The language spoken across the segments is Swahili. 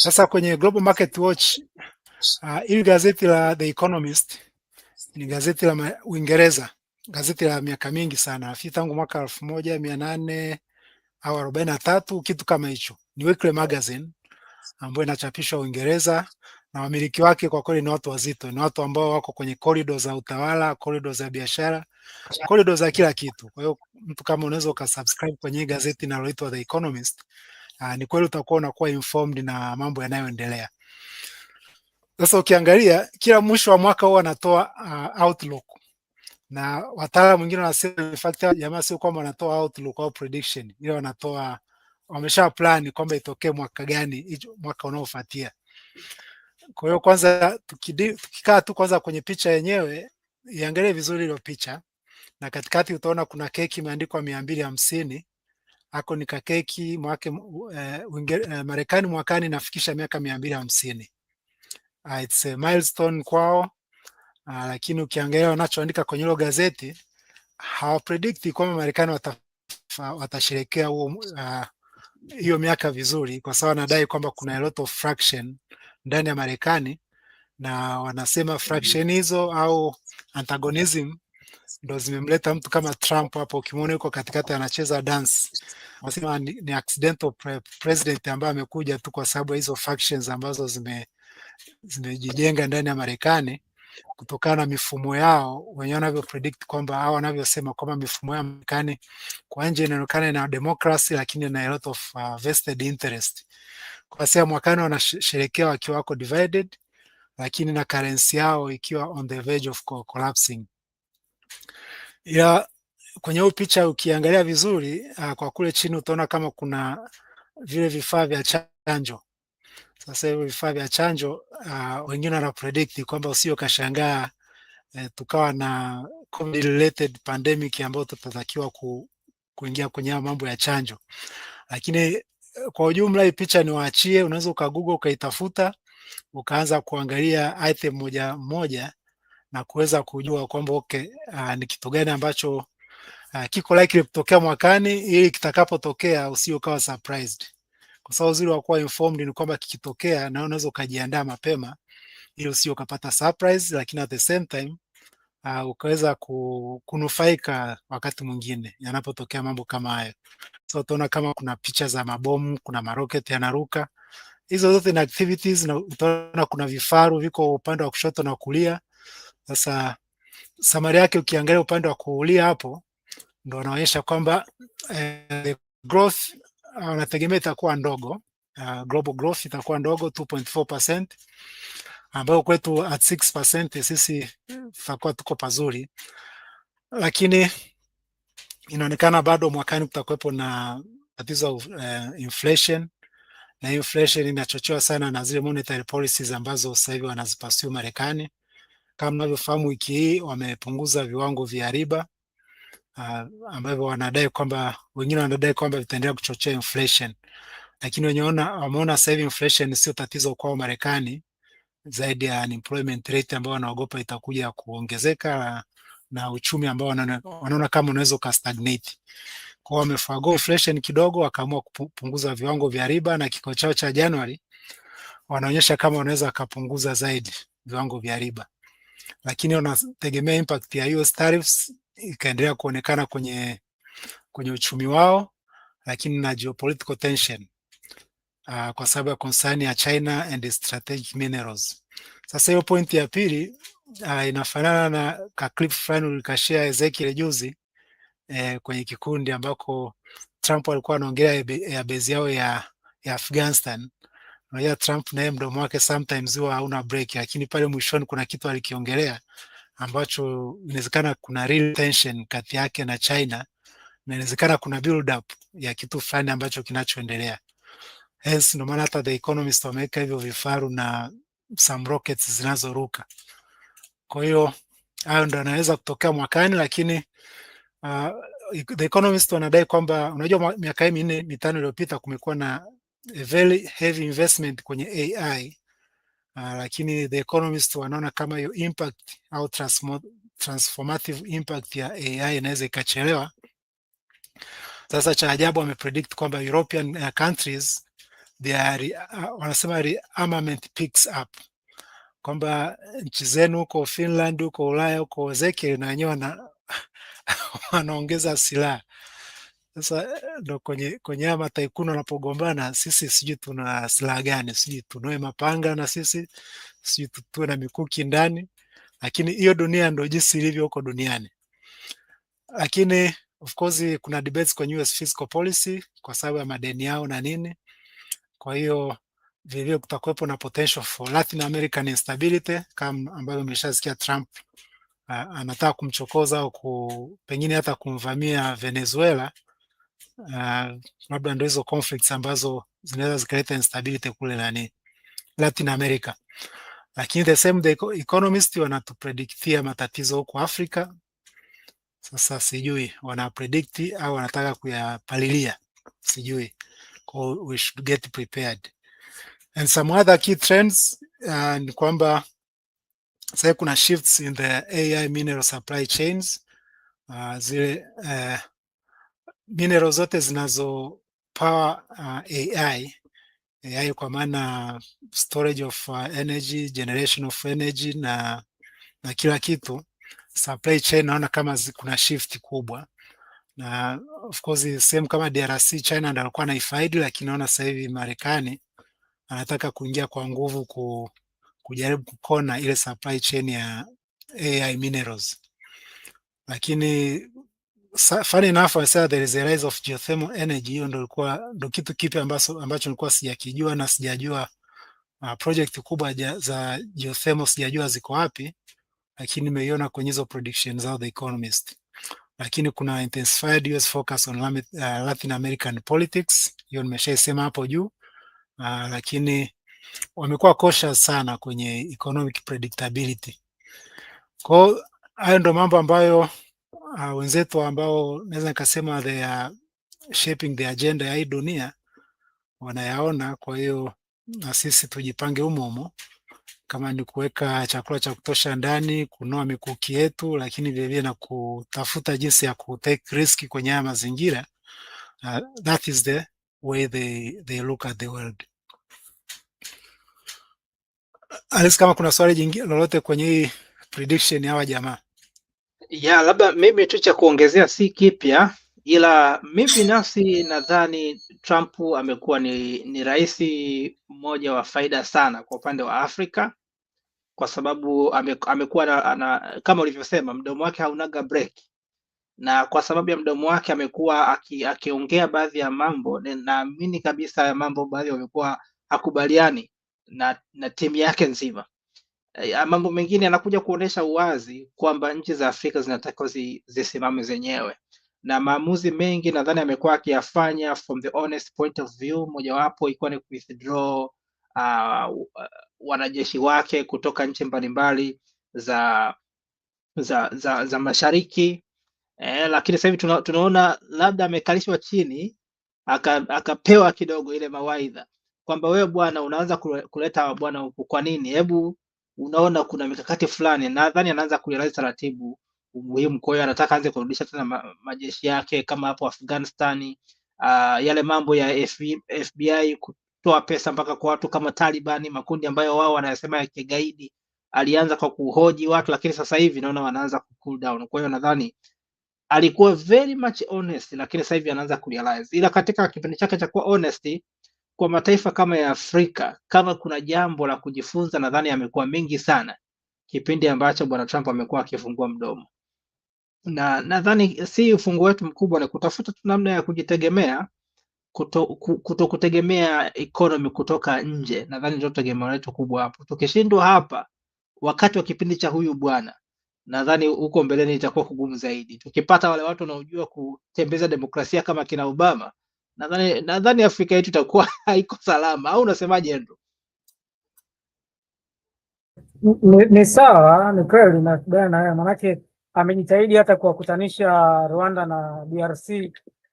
Sasa kwenye Global Market Watch uh, ili gazeti la The Economist ni gazeti la Uingereza, gazeti la miaka mingi sana fi tangu mwaka elfu moja mia nane au arobaini na tatu kitu kama hicho. Ni weekly magazine ambayo inachapishwa Uingereza na wamiliki wake kwa kweli ni watu wazito, ni watu ambao wako kwenye korido za utawala, korido za biashara, korido za kila kitu. Kwa hiyo mtu kama unaweza ukasubscribe kwenye gazeti linaloitwa The Economist uh, ni kweli utakuwa unakuwa informed na mambo yanayoendelea. Sasa ukiangalia kila mwisho wa mwaka huwa anatoa uh, ah, outlook na wataalamu wengine wanasema in fact jamaa sio kwamba wanatoa outlook au prediction, ile wanatoa wamesha plan kwamba itokee mwaka gani mwaka unaofuatia. Kwa hiyo kwanza tukikaa tu kwanza kwenye picha yenyewe, iangalie vizuri ile picha, na katikati utaona kuna keki imeandikwa mia mbili hamsini ako kakeki mwake uh, Marekani mwakani nafikisha miaka mia mbili hamsini. Uh, it's a milestone kwao uh, lakini ukiangalia wanachoandika kwenye hilo gazeti hawapredikti kwamba Marekani wata, watasherekea huo ah, hiyo uh, miaka vizuri, kwa sababu wanadai kwamba kuna a lot of fraction ndani ya Marekani na wanasema fraction hizo au antagonism ndo zimemleta mtu kama Trump hapo. Ukimwona yuko katikati anacheza dance, wanasema ni, ni accidental pre president ambaye amekuja tu kwa sababu ya hizo factions ambazo zime zimejijenga ndani ya Marekani kutokana na mifumo yao wenyewe wanavyo predict kwamba au wanavyosema kwamba mifumo ya Marekani kwa nje inaonekana ina democracy lakini ina a lot of uh, vested interest. Kwa sababu mwakani wanasherekea wakiwa wako divided, lakini na currency yao ikiwa on the verge of collapsing ila kwenye huu picha ukiangalia vizuri uh, kwa kule chini utaona kama kuna vile vifaa vya chanjo. Sasa hivi vifaa vya chanjo uh, wengine wana predict kwamba usio kashangaa eh, tukawa na COVID related pandemic ambayo tutatakiwa ku, kuingia kwenye mambo ya chanjo, lakini eh, kwa ujumla hii picha ni waachie, unaweza ukagoogle ukaitafuta ukaanza kuangalia item moja moja na kuweza kujua kwamba okay, uh, ni kitu gani ambacho uh, kiko likely kutokea mwakani ili kitakapotokea usio kawa surprised, kwa sababu uzuri wa kuwa informed ni kwamba kikitokea, na unaweza ukajiandaa mapema ili usio ukapata surprise, lakini at the same time uh, ukaweza kunufaika wakati mwingine yanapotokea mambo kama hayo. So utaona kama kuna picha za mabomu, kuna maroketi yanaruka, hizo zote ni activities, na utaona kuna vifaru viko upande wa kushoto na kulia sasa samari yake ukiangalia upande wa kulia hapo ndo anaonyesha kwamba eh, growth anategemea uh, itakuwa ndogo uh, global growth itakuwa ndogo 2.4% ambayo kwetu at 6% sisi tutakuwa tuko pazuri, lakini inaonekana bado mwakani kutakuwepo na tatizo uh, inflation na inflation inachochewa sana na zile monetary policies ambazo sasa hivi wanazipursue Marekani kama mnavyofahamu, wiki hii wamepunguza viwango vya riba uh, ambavyo wanadai kwamba wengine wanadai kwamba vitaendelea kuchochea inflation, lakini wenyeona wameona sasa hivi inflation sio tatizo kwao Marekani, zaidi ya unemployment rate ambayo wanaogopa itakuja kuongezeka na na uchumi ambao wanaona kama unaweza ukastagnate. Kwa Wamefago inflation kidogo, wakaamua kupunguza viwango vya riba, na kikao chao cha Januari wanaonyesha kama wanaweza wakapunguza zaidi viwango vya riba lakini wanategemea impact ya US tariffs ikaendelea kuonekana kwenye, kwenye uchumi wao, lakini na geopolitical tension uh, kwa sababu ya concern ya China and strategic minerals. Sasa hiyo pointi ya pili uh, inafanana na ka clip fulani ulikashare Ezekiel juzi eh, kwenye kikundi ambako Trump alikuwa anaongelea ya bezi yao ya, ya Afghanistan Unajua Trump naye mdomo wake sometimes huwa hauna break, lakini pale mwishoni kuna kitu alikiongelea ambacho inawezekana kuna real tension kati yake na China na inawezekana kuna build up ya kitu fulani ambacho kinachoendelea. Hence ndio maana hata The Economist wameweka hivyo vifaru na some rockets zinazoruka. Kwa hiyo hayo ndo anaweza kutokea mwakani, lakini uh, The Economist wanadai kwamba unajua, miaka hii minne mitano iliyopita kumekuwa na a very heavy investment kwenye AI uh, lakini the economist wanaona kama hiyo impact au transformative impact ya AI inaweza ikachelewa. Sasa cha ajabu wamepredict kwamba European uh, countries they are, uh, wanasema rearmament picks up kwamba nchi zenu huko Finland, huko Ulaya, huko Zeke na wenyewe wanaongeza silaha sasa eh, ndo kwenye kwenye ama taikuna wanapogombana, sisi sijui tuna silaha gani, sijui tunoe mapanga na sisi sijui tuwe na mikuki ndani, lakini hiyo dunia ndo jinsi ilivyo huko duniani. Lakini of course kuna debates kwenye US fiscal policy kwa sababu ya madeni yao na nini, kwa hiyo vilevile kutakuwepo na potential for Latin American instability kama ambavyo umeshasikia Trump eh, anataka kumchokoza au pengine hata kumvamia Venezuela Ah, labda ndo hizo conflicts ambazo zinaweza zikaleta instability kule nani Latin America, lakini the same the economist wanatuprediktia matatizo huko Afrika. Sasa sijui wanapredikti au wanataka kuyapalilia, sijui kwa we should get prepared and some other key trends uh, ni kwamba sasa kuna shifts in the AI mineral supply chains uh, zile uh, mineral zote zinazo power uh, AI AI kwa maana storage of uh, energy, generation of energy na na kila kitu supply chain, naona kama kuna shift kubwa na of course sehemu kama DRC China ndio alikuwa anaifaidi, lakini naona sasa hivi Marekani anataka kuingia kwa nguvu ku, kujaribu kukona ile supply chain ya AI minerals, lakini funny enough I said there is a rise of geothermal energy. Hiyo ndo ilikuwa ndo kitu kipi ambacho ambacho nilikuwa sijakijua na sijajua uh, project kubwa ja, za geothermal sijajua ziko wapi, lakini nimeiona kwenye hizo prediction zao The Economist. Lakini kuna intensified US focus on uh, Latin American politics, hiyo nimeshaisema hapo juu uh, lakini wamekuwa cautious sana kwenye economic predictability. Kwa hiyo hayo ndo mambo ambayo uh, wenzetu ambao naweza nikasema they are shaping the agenda ya hii dunia wanayaona. Kwa hiyo na sisi tujipange humo humo, kama ni kuweka chakula cha kutosha ndani, kunoa mikuki yetu, lakini vilevile na kutafuta jinsi ya kutake risk kwenye haya mazingira. Uh, that is the way they, they look at the world. Alis, kama kuna swali jingine lolote kwenye hii prediction ya hawa jamaa ya labda mimi tu cha kuongezea si kipya, ila mimi binafsi nadhani Trump amekuwa ni, ni rais mmoja wa faida sana kwa upande wa Afrika kwa sababu ame, amekuwa na, na, kama ulivyosema mdomo wake haunaga break na kwa sababu ya mdomo wake amekuwa akiongea aki baadhi ya mambo, naamini kabisa ya mambo baadhi wamekuwa hakubaliani na, na timu yake nzima Eh, mambo mengine yanakuja kuonesha uwazi kwamba nchi za Afrika zinatakiwa zisimame zenyewe na maamuzi mengi nadhani amekuwa akiyafanya from the honest point of view, mojawapo ikiwa ni withdraw ah, uh, wanajeshi wake kutoka nchi mbalimbali za, za, za, za mashariki eh, lakini sasa hivi tuna, tunaona labda amekalishwa chini akapewa aka kidogo ile mawaidha kwamba wewe bwana unaanza kuleta bwana huku, kwa nini? Hebu unaona kuna mikakati fulani, nadhani anaanza kurealize taratibu umuhimu. Kwa hiyo anataka aanze kurudisha tena majeshi yake kama hapo Afghanistan, uh, ah, yale mambo ya FBI kutoa pesa mpaka kwa watu kama Taliban, makundi ambayo wao wanayasema ya kigaidi. Alianza kwa kuhoji watu, lakini sasa hivi naona wanaanza ku cool down. Kwa hiyo nadhani alikuwa very much honest, lakini sasa hivi anaanza kurealize, ila katika kipindi chake cha kuwa honest kwa mataifa kama ya Afrika, kama kuna jambo la kujifunza, nadhani yamekuwa mengi sana kipindi ambacho bwana Trump amekuwa akifungua mdomo, na nadhani si ufungu wetu mkubwa, ni kutafuta tu namna ya kujitegemea, kuto, kuto kutegemea economy kutoka nje. Nadhani ndio tegemeo letu kubwa hapo. Tukishindwa hapa wakati wa kipindi cha huyu bwana, nadhani huko mbeleni itakuwa kugumu zaidi. Tukipata wale watu wanaojua kutembeza demokrasia kama kina Obama nadhani nadhani Afrika yetu itakuwa haiko salama, au unasemaje ndo Ni, sawa, ni kweli nakubaliana na wewe, manake amejitahidi hata kuwakutanisha Rwanda na DRC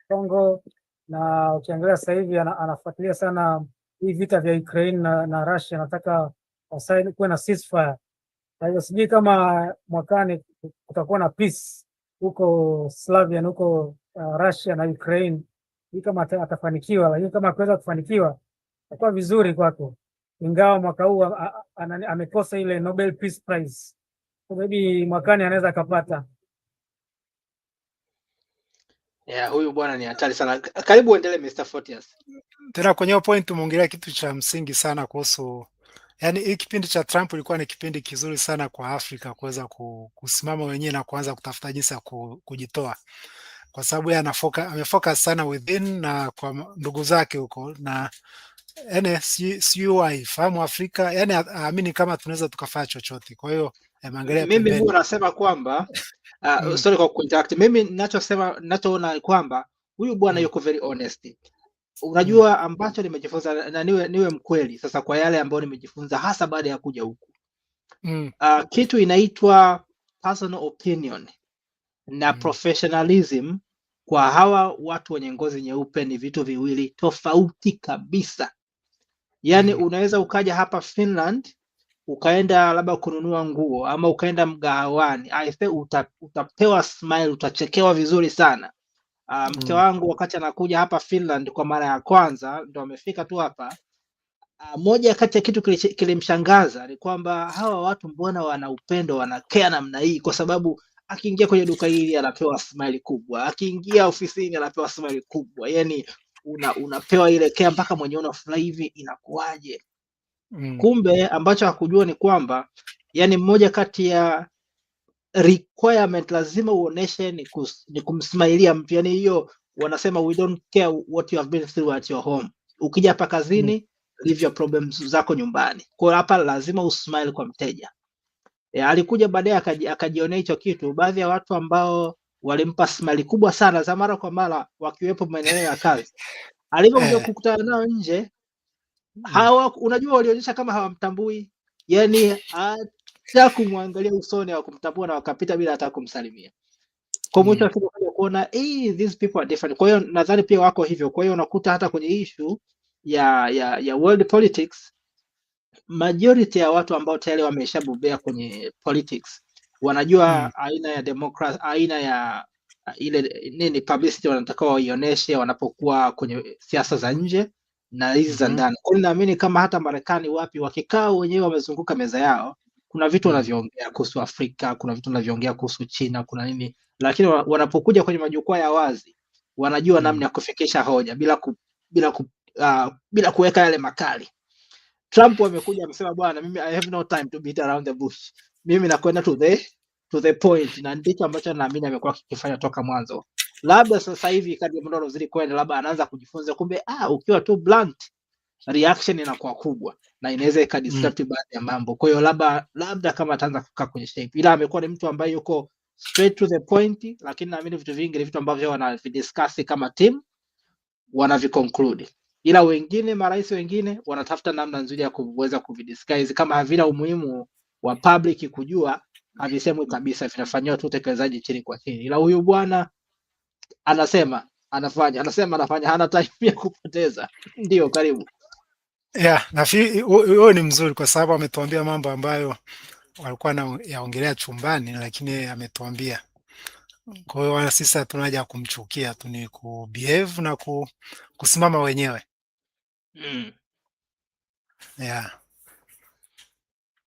Congo, na ukiangalia sasa hivi anafuatilia sana hii vita vya Ukraine na, na Russia, anataka kuwe na ceasefire. Kwa hiyo sijui kama mwakani kutakuwa na peace huko Slavian huko uh, Russia na Ukraine hii kama atafanikiwa, lakini kama akiweza kufanikiwa itakuwa vizuri kwako, ingawa mwaka huu amekosa ile Nobel Peace Prize, maybe mwakani anaweza akapata. Yeah, huyu bwana ni hatari sana. Karibu uendelee Mr. Fortius. Tena kwenye point umeongelea kitu cha msingi sana kuhusu yani, hii kipindi cha Trump ilikuwa ni kipindi kizuri sana kwa Afrika kuweza kusimama wenyewe na kuanza kutafuta jinsi ya kujitoa kwa sababu yeye amefocus sana within na kwa ndugu zake huko na yani, sijui waifahamu Afrika yani, aamini kama tunaweza tukafaa chochote. Kwa hiyo mimi huwa nasema kwamba uh, mm. sorry kwa kuinteract. Mimi ninachosema ninachoona kwamba huyu bwana mm. yuko very honest. Unajua mm. ambacho nimejifunza na niwe, niwe mkweli sasa kwa yale ambayo nimejifunza hasa baada ya kuja huku mm. uh, kitu inaitwa personal opinion na mm. professionalism kwa hawa watu wenye ngozi nyeupe ni vitu viwili tofauti kabisa. Yaani mm. unaweza ukaja hapa Finland ukaenda labda kununua nguo ama ukaenda mgahawani say uta, utapewa smile, utachekewa vizuri sana. Uh, mke mm. wangu wakati anakuja hapa Finland kwa mara ya kwanza, ndo amefika tu hapa uh, moja kati ya kitu kilimshangaza ni kwamba hawa watu mbona wana upendo, wana namna hii, kwa sababu akiingia kwenye duka hili anapewa smile kubwa, akiingia ofisini anapewa smile kubwa, yani una, unapewa ile kea mpaka mwenyewe unafurahi hivi, inakuwaje? Mm. Kumbe ambacho hakujua ni kwamba yani mmoja kati ya requirement lazima uoneshe ni, kus, ni kumsmailia mtu yani, hiyo wanasema we don't care what you have been through at your home. Ukija hapa kazini mm. leave your problems zako nyumbani. Kwa hapa lazima usmile kwa mteja. E, alikuja baadaye akaji, akajionea hicho kitu. Baadhi ya watu ambao walimpa smali kubwa sana za mara kwa mara wakiwepo maeneo ya kazi, alipokuja eh. kukutana nao nje hawa, unajua walionyesha kama hawamtambui, yani hata kumwangalia usoni hawakumtambua na wakapita bila hata kumsalimia. Kwa mwisho wa mm. siku kaja kuona hey, eh, these people are different. Kwa hiyo nadhani pia wako hivyo. Kwa hiyo unakuta hata kwenye issue ya ya ya world politics majority ya watu ambao tayari wameshabobea kwenye politics wanajua hmm, aina ya demokrasi, aina ya uh, ile nini publicity wanataka waioneshe wanapokuwa kwenye siasa za nje na hizi za hmm. ndani. Kwa hiyo naamini kama hata Marekani wapi wakikaa wenyewe wamezunguka meza yao, kuna vitu hmm. wanavyoongea kuhusu Afrika, kuna vitu wanavyoongea kuhusu China, kuna nini, lakini wanapokuja kwenye majukwaa ya wazi wanajua hmm. namna ya kufikisha hoja bila ku, bila ku, uh, bila kuweka yale makali Trump amekuja amesema, bwana, mimi I have no time to beat around the bush, mimi nakwenda to the to the point, na ndicho ambacho naamini amekuwa akifanya toka mwanzo. Labda sasa hivi kadri muda unaozidi kwenda, labda anaanza kujifunza, kumbe ah, ukiwa tu blunt reaction inakuwa kubwa na inaweza ikadistract mm, baadhi ya mambo. Kwa hiyo labda labda kama ataanza kukaa kwenye shape, ila amekuwa ni mtu ambaye yuko straight to the point, lakini naamini vitu vingi ni vitu ambavyo wanavidiscuss kama team wanaviconclude ila wengine marais wengine wanatafuta namna nzuri ya kuweza kuvidisguise kama havina umuhimu wa public kujua, havisemwi kabisa, vinafanyiwa tu utekelezaji chini kwa chini, ila huyu bwana anasema anafanya anasema anafanya, hana time ya kupoteza. Ndio, karibu. Yeah, na huyo ni mzuri kwa sababu ametuambia mambo ambayo walikuwa yaongelea chumbani, lakini ametuambia Mm. Kwa hiyo wana sisi hatuna haja ya kumchukia tu, ni kubehave na kusimama wenyewe. Mm. Yeah.